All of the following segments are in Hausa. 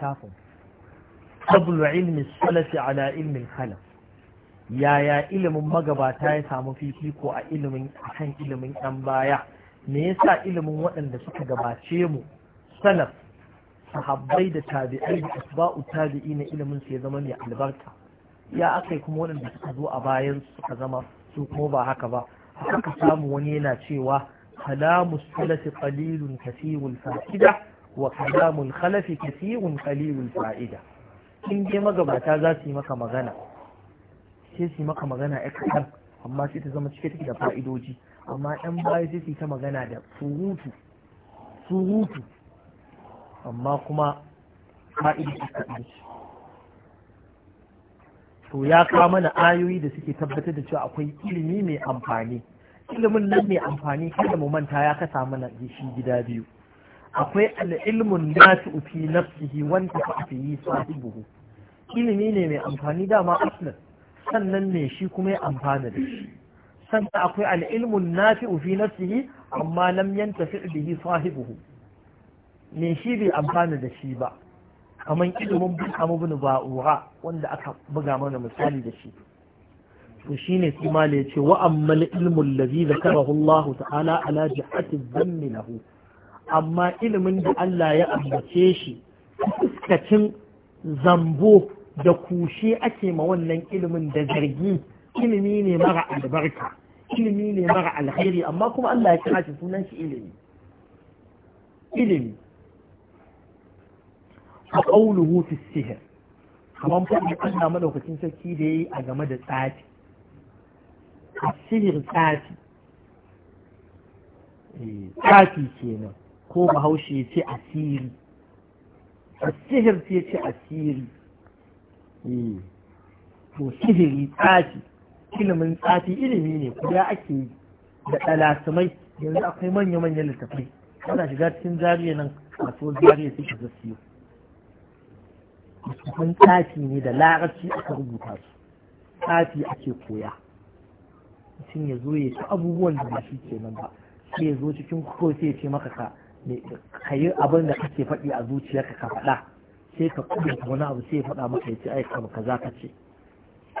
littafin fadlu ilmi salafi ala ilmin khalaf yaya ilimin magabata ya samu fifiko a ilimin akan ilimin ɗan baya me yasa ilimin waɗanda suka gabace mu salaf sahabbai da tabi'ai da asba'u tabi'i na ilimin su ya zama mai albarka ya aka kuma waɗanda suka zo a bayan suka zama su kuma ba haka ba haka samu wani yana cewa kalamu salafi qalilun kasirul fa'ida wa kalamun khalafi kasirun qalilul fa'ida in je magabata za su yi maka magana sai su yi maka magana ya kaɗan amma sai ta zama cike take da fa'idoji amma ɗan baya sai su yi ta magana da surutu surutu amma kuma fa'idoji kaɗan to ya kawo mana ayoyi da suke tabbatar da cewa akwai ilimi mai amfani ilimin nan mai amfani kada mu manta ya kasa mana shi gida biyu akwai al'ilmun nasu fi nafsihi wanda fa fi yi sahibuhu ilimi ne mai amfani dama aslan sannan ne shi kuma ya amfana da shi sannan akwai al'ilmun na fi ufi nafsihi amma lam da yi sahibuhu ne shi bai amfana da shi ba kamar ilimin bukamu bin ba'ura wanda aka buga mana misali da shi to shine kuma ne ce wa ammal ilmul ladhi zakarahu Allah ta'ala ala jihati dhanni lahu amma ilimin da Allah ya ambace shi fuskacin zambo da kushe ake ma wannan ilimin da zargi ilimi ne mara albarka ilimi ne mara alkhairi amma kuma Allah ya kira shi sunan shi ilimi ilimi a ƙaunuhu fi sihir kamar fadin Allah madaukakin sarki da yi a game da tsafi a sihir tsafi eh, tsafi kenan ko bahaushe ya ce asiri asihir sai ya ce asiri eh. to sihiri tsafi ilimin tsafi ilimi ne kuda ake yi da ɗalasamai yanzu akwai manya-manyan littafai ana shiga cikin zariya nan kasuwar zariya sai shiga siyo littafin tsafi ne da larabci aka rubuta su tsafi ake koya mutum ya zo ya ci abubuwan da ba shi ke nan ba sai ya zo cikin ko sai ya ce maka ka ka yi abin da kake faɗi a zuciya ka faɗa sai ka kudurta wani abu sai ya faɗa maka ya ce ai ka za ka ce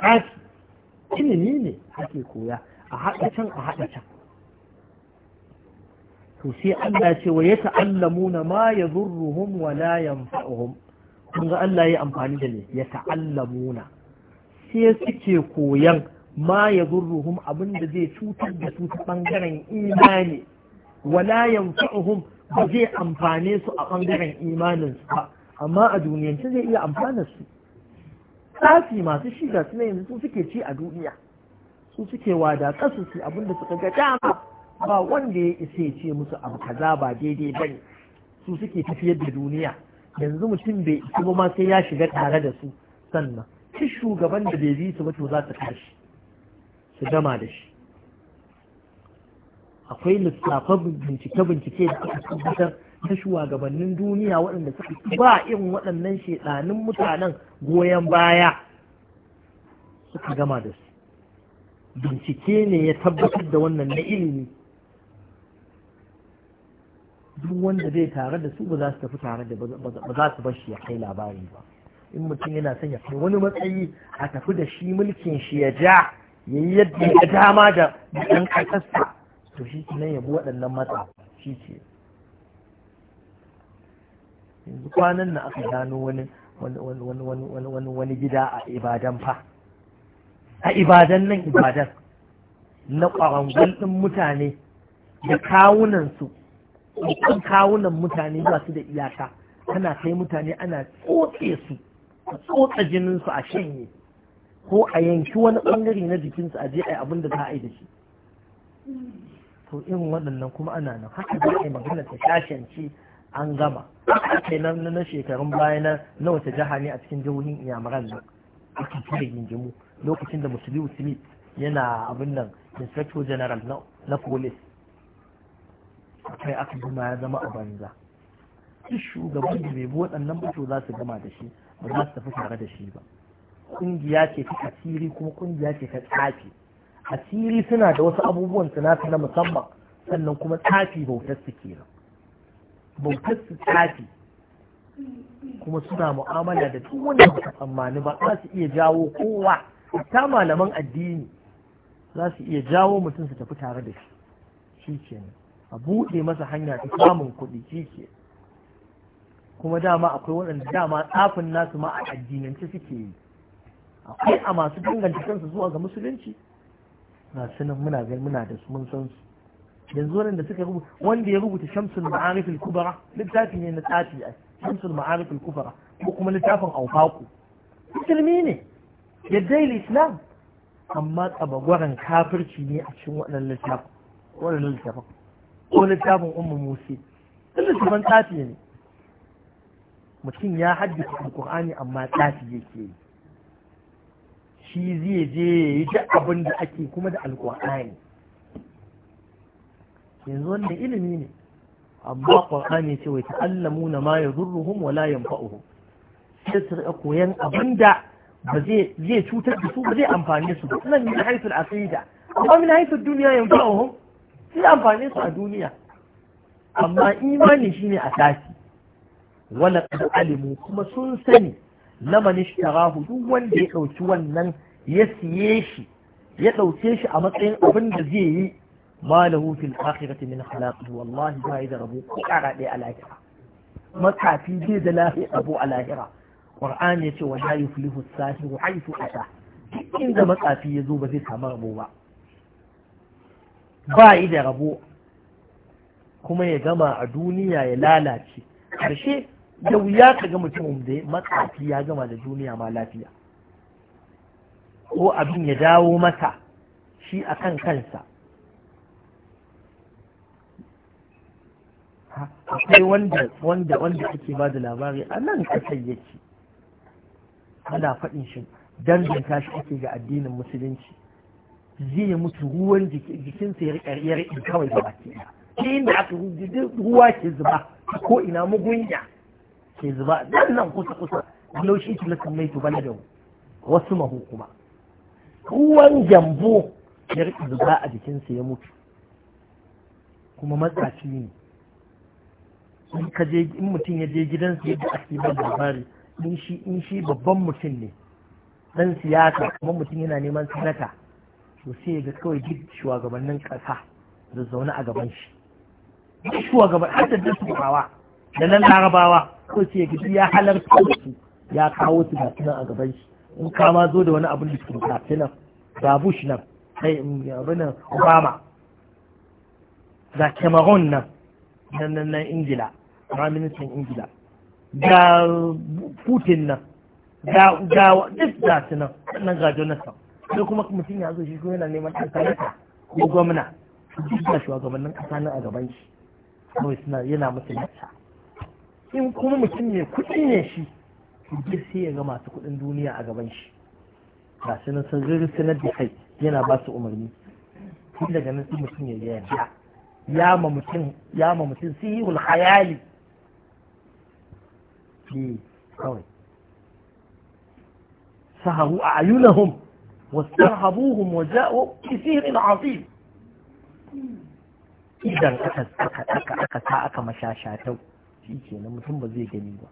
ɗaki ilimi ne ake koya a haɗa can a haɗa can to sai Allah ce wa ya ta'allamuna ma ya zurruhum wa la yanfa'uhum kun ga Allah ya amfani da ne ya ta'allamuna sai suke koyan ma ya zurruhum abin da zai cutar da su ta bangaren imani wa la yanfa'uhum ba zai amfane su a ɓangaren imanin su ba amma a duniyance zai iya amfana su tsafi masu shiga suna yanzu su suke ci a duniya su suke wada kasu su da suka ga dama ba wanda ya isa ya ce musu abu kaza ba daidai bane su suke tafiyar da duniya yanzu mutum bai isa ba ma sai ya shiga tare da su sannan shi shugaban da bai bi su ba to za su tashi su gama da shi akwai lissafan bincike-bincike da aka tabbatar na shugabannin duniya waɗanda suka ba irin waɗannan shedanin mutanen goyon baya suka gama da su bincike ne ya tabbatar da wannan na ilimi duk wanda zai tare da su ba za su tafi tare da ba za su bashi ya kai labari ba in mutum yana son ya kai wani matsayi a tafi da shi mulkin shi ya ja ya yadda ya dama da ɗan ƙasarsa to shi ne ya bi waɗannan matsa shi ce? yanzu kwanan na aka gano wani gida a ibadan fa a ibadan nan ibadan na ƙwarangwal ɗin mutane da kawunansu ɗin kawunan mutane ba su da iyaka ana kai mutane ana tsotse su a tsotsa jininsu a shanye ko a yanki wani ɓangare na jikinsu a je a yi abin da za a yi da shi to irin waɗannan kuma ana nan haka za a yi magana ta shashanci an gama ake nan na shekarun baya na na wata jiha ne a cikin jihohin iyamuran nan kan fara jinjimu lokacin da Musulmi smith yana abin nan inspector general na police kai aka gama ya zama a banza duk shugaban da bai bi waɗannan ba za su gama da shi ba za su tafi tare da shi ba ƙungiya ce ta asiri kuma ƙungiya ce ta tsafi asiri suna da wasu abubuwan sinata na musamman sannan kuma tsafi bautar su kenan bautar su kuma suna mu'amala da duk wanda ba tsammani ba za su iya jawo kowa ta malaman addini za su iya jawo mutum su tafi tare da shi shi kenan a buɗe masa hanya ta samun kuɗi shi ke kuma dama akwai waɗanda dama tsafin nasu ma a addinance suke yi akwai a masu danganta kansu zuwa ga musulunci ga sunan muna gani muna da su mun san su yanzu da suka rubuta wanda ya rubuta shamsul ma'arif al-kubra littafi ne na tsafi a shamsul ma'arif al-kubra ko kuma littafin Aufaku. musulmi ne yaddai islam amma tsabagwaran kafirci ne a cikin waɗannan littafin waɗannan littafin ko littafin ummu musi littafin tsafi ne mutum ya haddace alkur'ani amma tsafi yake yi shi zai je ya yi ta abin da ake kuma da alƙur'ani yanzu wanda ilimi ne amma ƙur'ani ce wai ta'allamu na ma ya zurruhum wa la yanfa'uhum sai su riƙa koyan abin da ba zai cutar da su ba zai amfane su ba nan min haifin aqida amma min haifin duniya yanfa'uhum sai amfane su a duniya amma imani shine asasi wala qad alimu kuma sun sani na manishtarahu duk wanda ya ɗauki wannan ya siye shi ya ɗauke shi a matsayin abin da zai yi ma lahu hufin akirati min khalaqi wallahi ba da rabu ko kara ɗaya a lahira makafi zai da lahi abu a lahira ya ce wa la yuflihu sahiru haythu ata duk inda matsafi ya zo ba zai samu rabo ba ba yi da rabo kuma ya gama a duniya ya lalace ƙarshe da wuya ka ga mutumin da matsafi ya gama da duniya ma lafiya ko abin ya dawo masa shi a kan kansa akwai wanda wanda wanda ake ba da labari a nan kasar yake ana faɗin shi danganta shi ake ga addinin musulunci zai mutu ruwan jikinsa ya riƙa kawai da baki ɗaya inda aka ruwa ke zuba ko ina mugunya ke zuba nan nan kusa kusa laushi ke lakan mai na da wasu mahu kuma ruwan jambo ya riƙa zuba a jikinsa ya mutu kuma matsaci ne in ka je in mutum ya je gidansa yadda ake ban labari in shi in shi babban mutum ne dan siyasa kuma mutum yana neman sanata to sai ya ga kawai duk shugabannin kasa da zaune a gaban shi duk shugaban har da duk turawa da nan larabawa ko ce gidi ya halarta su ya kawo su gasu nan a gaban shi in ka ma zo da wani abin da ke gasu nan ga bush nan sai mm, nan obama ga cameroon nan nan nan nan ingila ministan ingila ga putin nan ga duk gasu nan nan ga jonathan sai kuma mutum ya zo shi ko yana neman ɗan sanata ko gwamna duk da shugabannin ƙasa nan a gaban shi kawai suna yana masa nasa in kuma mutum ne kudin ne shi duk sai ya ga masu kuɗin duniya a gaban shi ga su nan sun rurrusunar da kai yana ba su umarni tun daga nan sai mutum ya yarda ya ma mutum ya ma mutum sihirul hayali eh kawai saharu a ayunahum wastarhabuhum wa ja'u bi sihrin azim idan aka aka aka aka sa aka mashashatau ke na mutum ba zai gani ba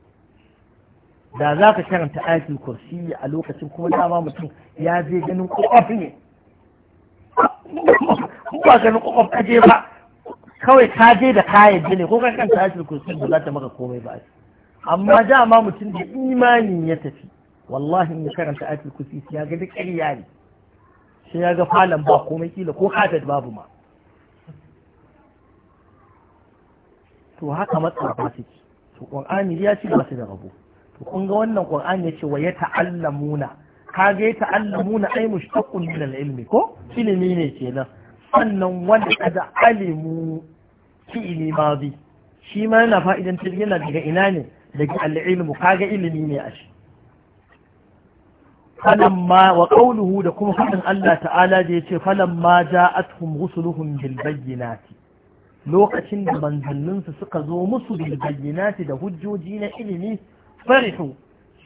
da za ka karanta ayatul kursi a lokacin kuma dama mutum ya je ganin kwakwaf ne ba ganin kwakwaf ka je ba kawai ka je da kayan ne ko ka kanta ayatul kursi ba za ta maka komai ba amma dama mutum da imani ya tafi wallahi in karanta ayatul kursi ya ga duk ƙarya ne sai ya ga falon ba komai kila ko hadad babu ma to haka matsafa suke to qur'ani ya ci ba da rabo to kun ga wannan qur'ani yace wa ya ta'allamuna kaga ya ta'allamuna ai mushtaqun min al-ilmi ko ilimi ne kenan sannan wanda da alimu fi'ili madi shi ma yana fa'idan yana daga ina ne daga al-ilmu kaga ilimi ne a shi ma wa ƙaunuhu da kuma faɗin Allah ta'ala da yace falamma ja'atuhum rusuluhum bil bayyinati lokacin da manzanninsu suka zo musu bil bayyinati da hujjoji na ilimi farihu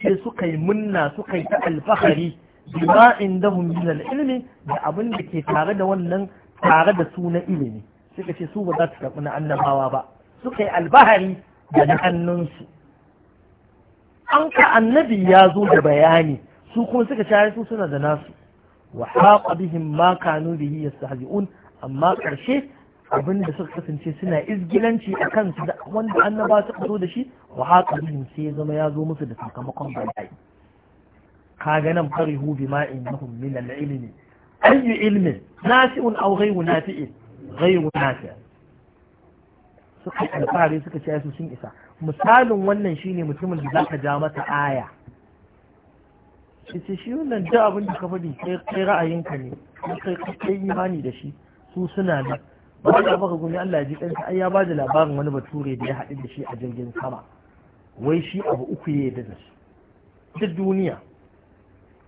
sai suka yi munna suka yi ta alfahari bima dahun min al-ilmi da abin da ke tare da wannan tare da su na ilimi suka ce su ba za su karɓi na annabawa ba suka yi albahari da na hannunsu an ka annabi ya zo da bayani su kuma suka share su suna da nasu wa haqa bihim ma kanu bihi yastahzi'un amma ƙarshe abin da suka kasance suna izgilanci a kansu da wanda annaba suka zo da shi wa haka sai ya zama ya zo musu da sakamakon bala'i Ka kaga nan farihu bima innahum min al-ilmi ayyu ilmin nafi'un aw ghayru nafi'in ghayru nafi' suka alfahari suka ce su sun isa misalin wannan shine mutumin da zaka ja masa aya shi shi wannan da abin da ka faɗi kai ra'ayinka ne kai kai imani da shi su suna nan wanda baka gumi Allah ya ji ɗansa ai ya ba da labarin wani bature da ya haɗu da shi a jirgin sama wai shi abu uku ya yadda da su duk duniya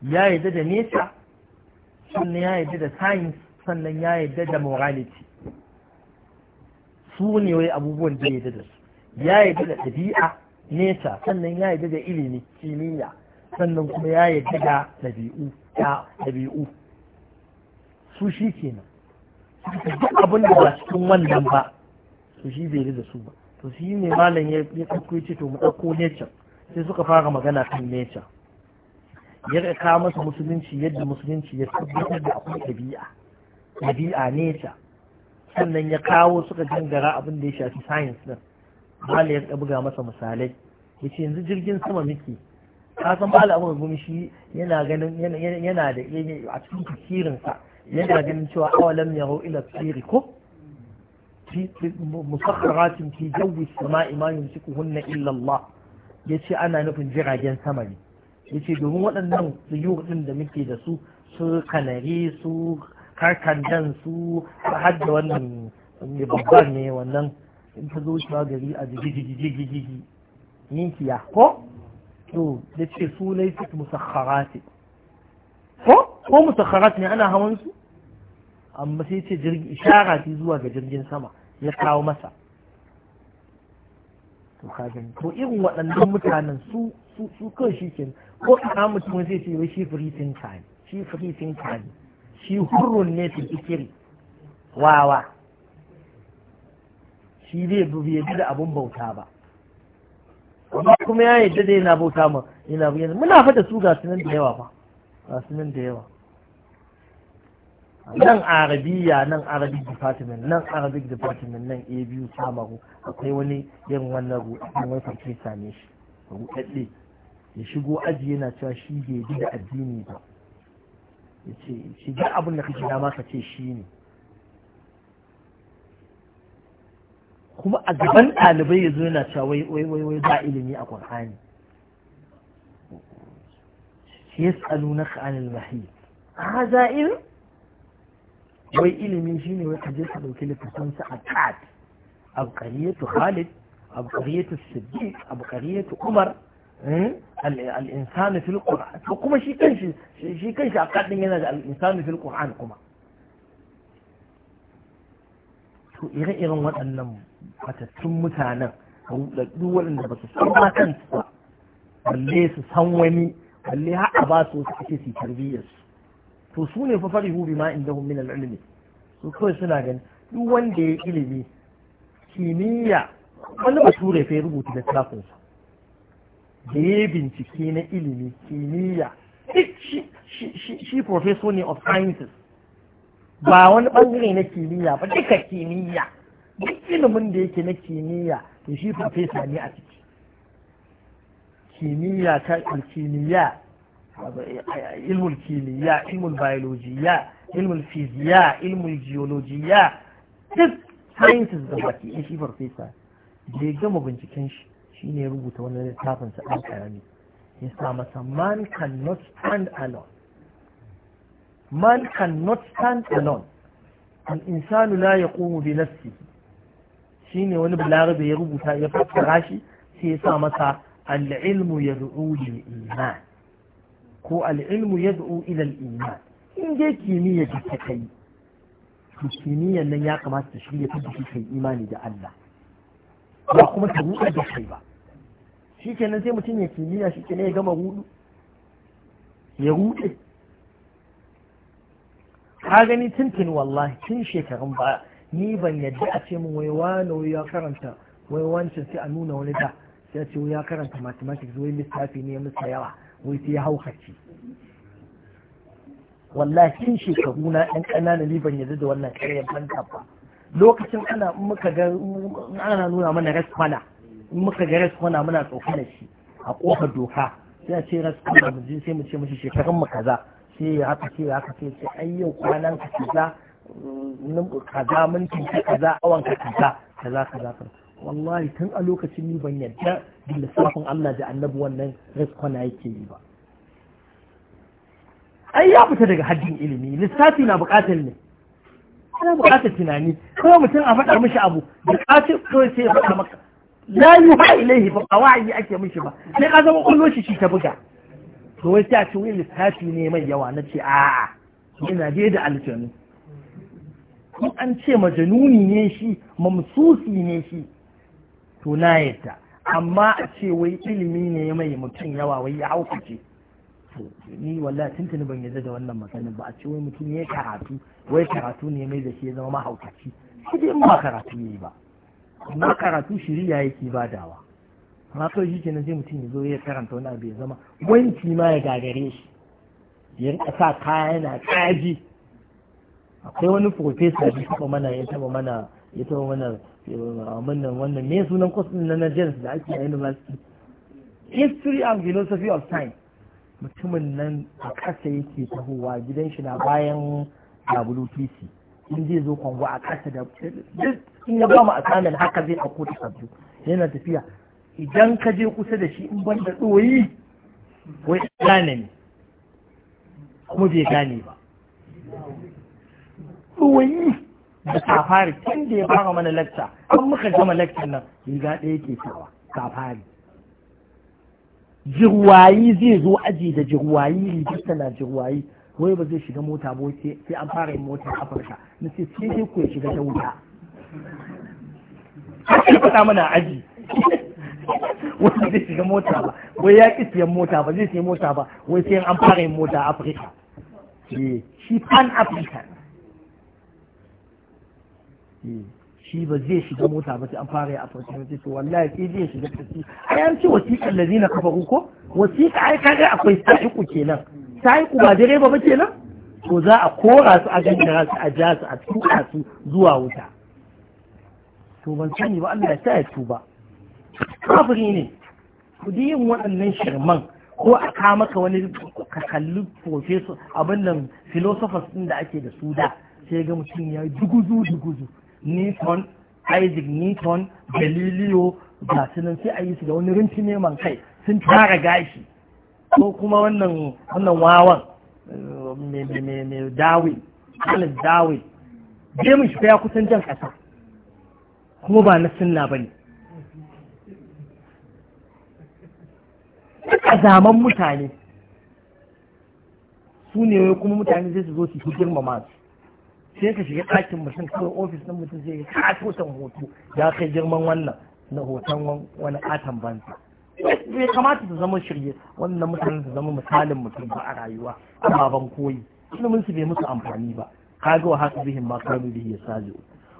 ya yarda da nesa sannan ya yarda da science sannan ya yarda da morality su ne wai abubuwan da ya yarda da su ya yarda da ɗabi'a nesa sannan ya yarda da ilimi kimiyya sannan kuma ya yarda da ɗabi'u su shi kenan duk abin da ba cikin wannan ba to shi bai da su ba to shi ne malam ya ɗauko ce to mu ɗauko nature sai suka fara magana kan nature ya rika masa musulunci yadda musulunci ya tabbatar da akwai ɗabi'a ɗabi'a nature sannan ya kawo suka gangara abin da ya shafi science din malam ya buga masa misalai yace yanzu jirgin sama muke ka san malamin gumshi yana ganin yana da a cikin tafsirin sa yana ganin cewa awalam yaro ila tsiri ko musakharatin fi jawi sama'i ma hunna illa Allah yace ana nufin jiragen sama ne yace domin waɗannan tsiyur din da muke da su su kanare su karkandan su hadda wannan babban ne wannan in ta zo shi gari a jigijigigigigi ninkiya ko to da ce su laifin musakharati ko ko ne ana hawan su amma sai ce shara ce zuwa ga jirgin sama ya kawo masa to kajin to irin waɗannan mutanen su su su kawai shi ke ko ina mutum zai ce wai shi free thinker ne shi free thinker ne shi hurrun ne ikiri wawa shi zai bi da abun bauta ba amma kuma ya yadda da yana bauta ma yana bayyana muna fada su ga sunan da yawa ba ga sunan da yawa nan arabiya nan arabic department nan arabic department nan a biyu ku akwai wani yin wannan ruɗaɗɗen wani farke same shi ruɗaɗɗe ya shigo aji yana cewa shi bai ji da addini ba ya ce shi ga abin da kake dama ka ce shi ne kuma a gaban ɗalibai ya zo yana cewa wai wai wai ba ilimi a ƙur'ani na anil mahid haza ilm wai ilimi shine wai kaje ka dauki littafin sa a tat abqariyatu khalid abqariyatu siddiq abqariyatu umar eh, al-insanu fil qur'an kuma shi kanshi shi kanshi a kadin yana da al-insanu fil qur'an kuma to ire-iren waɗannan matattun mutanen rudaddu waɗanda ba su san ma kansu ba balle su san wani balle har ba su wasu ake su to su ne fa farihu ma inda min al-ilmi su kawai suna gani duk wanda ya ilimi kimiyya wani bature fa ya rubuta littafinsa da ya bincike na ilimi kimiyya shi professor ne of sciences ba wani bangare na kimiyya ba duka kimiyya duk ilimin da yake na kimiyya to shi farfesa ne a ciki kimiyya ta kimiyya ilmul kimiyya ilmul biologiya ilmul fiziya ilmul geologiya duk sciences da baki in shi farfesa da ya gama binciken shi shine rubuta wani littafin ɗan karami ya sa masa man cannot stand alone man cannot stand alone al insanu la yaqumu bi Shi shine wani balarabe ya rubuta ya fassara shi sai ya sa masa al-ilmu yad'u lil iman ko al-ilmu yad'u ila al-iman in dai kimiyya ta kai to kimiyyar nan ya kamata ta shirya ta shi kai imani da Allah ba kuma ta ruɗa da kai ba Shi kenan sai mutum ya kimiyya kenan ya gama rudu ya ruɗe ka gani tuntun wallahi tun shekarun baya ni ban yadda a ce min wai wani ya karanta wai wancan sai a nuna wani da sai a ce wuya ya karanta mathematics wai lissafi ne musa yawa wai sai ya haukace wallahi tun shekaru na ɗan ƙanana ni ban yadda da wannan ƙarya ban ba lokacin ana muka ga ana nuna mana raskwana in muka ga raskwana muna tsokana shi a ƙofar doka sai a ce raskwana mu je sai mu ce mishi shekarun mu kaza sai ya haka sai ya haka sai ce an yau kwanan ka kaza kaza mintin ka kaza awan ka kaza kaza kaza wallahi tun a lokacin ni ban yadda da lissafin Allah da annabi wannan rizkona yake yi ba ai ya fita daga haddin ilimi lissafi na bukatar ne ana bukatar tunani kuma mutum a faɗa mishi abu bukatar kawai sai ya faɗa maka la yuha ilaihi fa qawa'i ake mishi ba sai ka zama kullo shi shi ta buga to wai ta ce wani lissafi ne mai yawa na ce a'a yana je da aljanu kun an ce majanuni ne shi mamsusi ne shi to na yadda amma a ce wai ilimi ne mai mutum yawa wai ya haukace ni wallahi tuntuni ban yadda da wannan magana ba a ce wai mutum ya karatu wai karatu ne mai da shi ya zama mahaukaci shi dai ba karatu ne ba amma karatu shiriya yake badawa amma kawai shi kenan zai mutum ya zo ya karanta wani abu ya zama wanki ma ya gagare shi ya rika sa kaya yana kaji akwai wani profesa da taba mana ya taba mana ya taba mana wannan eh, wannan me sunan kwas din na jens da ake a university history and philosophy of science mutumin nan a kasa yake tahowa gidan shi na bayan WTC in zai zo kwango a kasa da in ya ba mu assignment haka zai a ta sabbi yana tafiya idan ka je kusa da shi in ban da ɗoyi wai gane ne kuma bai gane ba ɗoyi da safari tun da ya fara mana lakta an muka gama lakta nan riga ɗaya ke sawa safari jirwayi zai zo aji da jirwayi rigista na jirwayi wai ba zai shiga mota ba sai an fara yin mota afirka na sai sai ku ya shiga ta wuta Ake ya faɗa mana aji wanda zai shiga mota ba wai ya ƙi siyan mota ba zai siya mota ba wai sai an fara yin mota a afirka eh, shi pan afirka eh, shi ba zai shiga mota ba sai an fara yin afirka sai to wallahi sai zai shiga tafi ai an ce wasiƙan na kafa ko wasiƙa ai kaga akwai sa'iku kenan sa'iku ba direba ba kenan to za a kora su a gangara su a ja su a tuka su zuwa wuta to ban sani ba Allah ya sa ya tuba kafiri ne ku yin waɗannan shirman ko a kamaka wani ka kalli professor abin nan philosophers din da ake da su da sai ga mutum ya duguzu duguzu Newton Isaac Newton Galileo ga su nan sai a yi su da wani rinci neman kai sun tara gashi ko kuma wannan wannan wawan mai dawi Alan dawi James ya kusan jan kasa kuma ba na sunna ba ne. zaman mutane su ne kuma mutane zai su zo su girmama su sai ka shiga ɗakin mutum kawai ofis ɗin mutum sai ka katotan hoto ya kai girman wannan na hoton wani katon banza bai kamata su zama shirye wannan mutanen su zama misalin mutum ba a rayuwa amma ban koyi mun su bai musu amfani ba kaga wa haka bihin ma kanu bihi ya sajo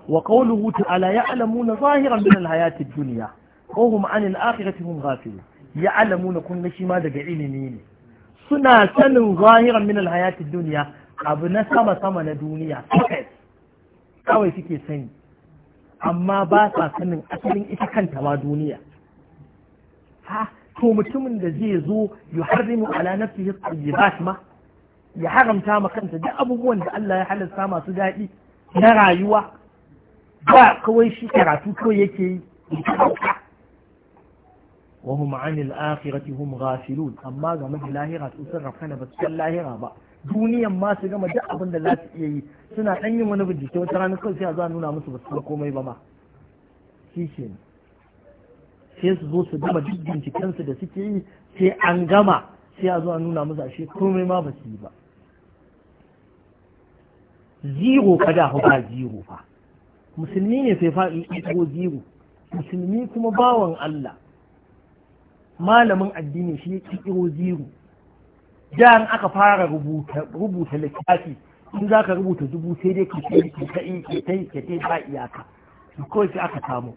wa qawluhu ta'ala ya'lamuna zahiran min al-hayati ad-dunya wa hum 'an al-akhirati hum ghafilun ya alamu na kun shi ma daga ilimi ne suna sanin zahiran min alhayatid duniya abu na sama sama na duniya kawai suke sani amma ba sa sanin asalin ita kanta ma duniya ha to mutumin da zai zo ya harrimu ala nafsihi tayyibat ma ya haramta ma kanta duk abubuwan da Allah ya halarta masu daɗi na rayuwa ba kawai shi karatu kawai yake yi وهم عن الآخرة هم غافلون أما جمع لاهرة أسر رفنا بس لاهرة با دنيا ما سجمع جاء أبن الله تيجي سنة أني من بدي تو ترى نقول في هذا نونا مس بس نقوم يبما كيشين sai su zo su gama duk da suke yi sai an gama sai a zo a nuna musu ashe komai ma ba su yi ba zero kada hau ba zero fa musulmi ne sai faɗi in zero musulmi kuma bawan Allah malamin addini shi ya kirkiro zero da aka fara rubuta littafi in za ka rubuta dubu sai dai ka kai ka kai ka kai ka kai ba iyaka ko sai aka samu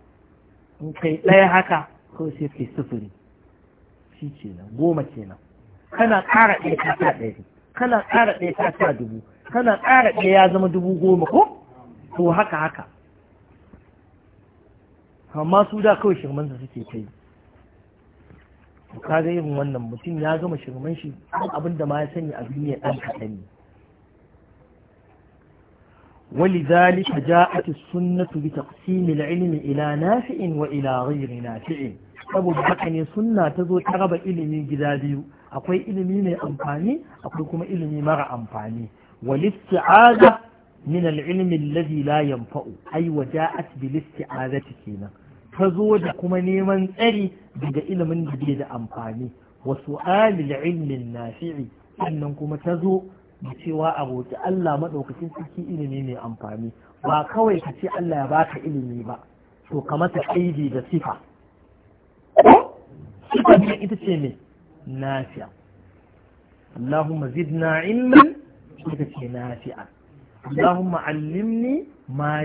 in kai ɗaya haka ko sai kai sufuri shi na, goma ke na. kana ƙara ɗaya ka sa ɗari kana ƙara ɗaya ka sa dubu kana ƙara ɗaya ya zama dubu goma ko to haka haka amma su da kawai da suke kai. to ga irin wannan mutum ya gama shirman shi abin da ma ya sani a duniya ɗan kaɗan ne ولذلك جاءت السنة بتقسيم العلم nafi'in wa وإلى غير نافع saboda haka ne sunna ta zo ta raba ilimi gida biyu akwai ilimi mai amfani akwai kuma ilimi mara amfani walisti'aza min al-ilmi alladhi la yanfa'u ay wa ja'at bil isti'azati kenan ta zo da kuma neman tsari daga ilimin da bai da amfani wasu alil ilmin nafi'i sannan kuma ta zo da cewa abota Allah maɗaukacin sarki ilimi mai amfani ba kawai ka ce Allah ya baka ilimi ba to ka masa aidi da sifa sifa ne ita ce me nafi'a Allahumma zidna ilman ita ce nafi'a Allahumma allimni ma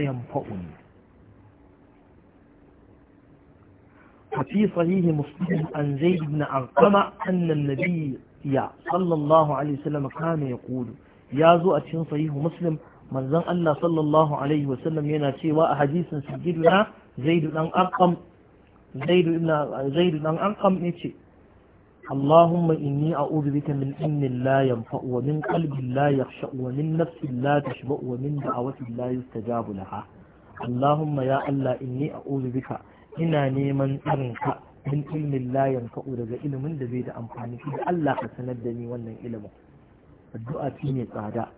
وفي صحيح مسلم عن زيد بن أرقم أن النبي صلى الله عليه وسلم كان يقول يا زو أتشن صحيح مسلم من زن الله صلى الله عليه وسلم يناتي وأحاديث سجدنا زيد بن أرقم زيد بن زيد بن أرقم يتي اللهم إني أعوذ بك من إن لا ينفع ومن قلب لا يخشع ومن نفس لا تشبع ومن دعوة لا يستجاب لها اللهم يا الله إني أعوذ بك ina neman tsarinka min ilmin la yanfa'u daga ilimin da zai da amfani shi da Allah ka sanar da ni wannan ilimin addu'a ce ne tsada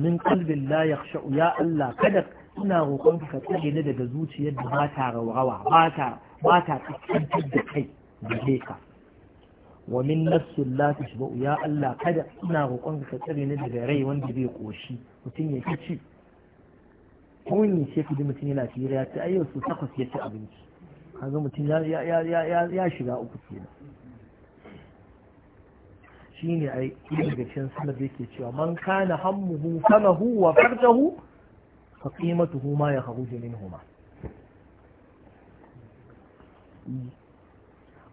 min qalbin la yakhsha'u ya Allah kada ina roƙon ka tsare ni daga zuciyar da ba ta rawawa ba ta ba ta da kai da ka wa min nafsin la tashba'u ya Allah kada ina roƙon ka tsare ni daga rai wanda bai koshi mutum ya ci ko ne ce ku mutum yana tsira ya ci ayyau su takwas ya ci abinci kaga mutum ya shiga uku ke ne shine yi daga cikin da yake cewa man kana hammuhu famahu wa fardahu fa qimatuhu ma ya yakhruju huma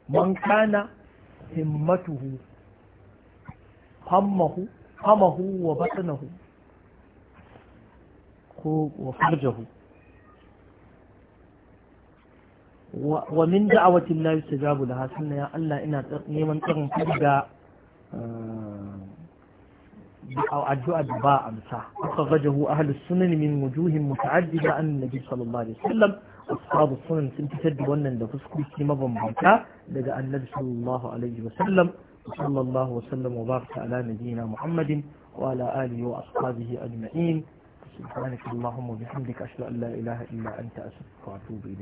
man kana himmatuhu hammahu hamahu wa batnahu ko wa farjahu ومن دعوة لا يستجاب لها سنة يا الله إنا نيمان إرن فرقا أو أدعى دباء أمسا أخرجه أهل السنن من وجوه متعددة عن النبي صلى الله عليه وسلم أصحاب السنن سنتسد وانا في مضم بمبكا لدى النبي صلى الله عليه وسلم وصلى الله وسلم وبارك على نبينا محمد وعلى آله وأصحابه أجمعين سبحانك اللهم وبحمدك أشهد أن لا إله إلا أنت أستغفرك وأتوب إليك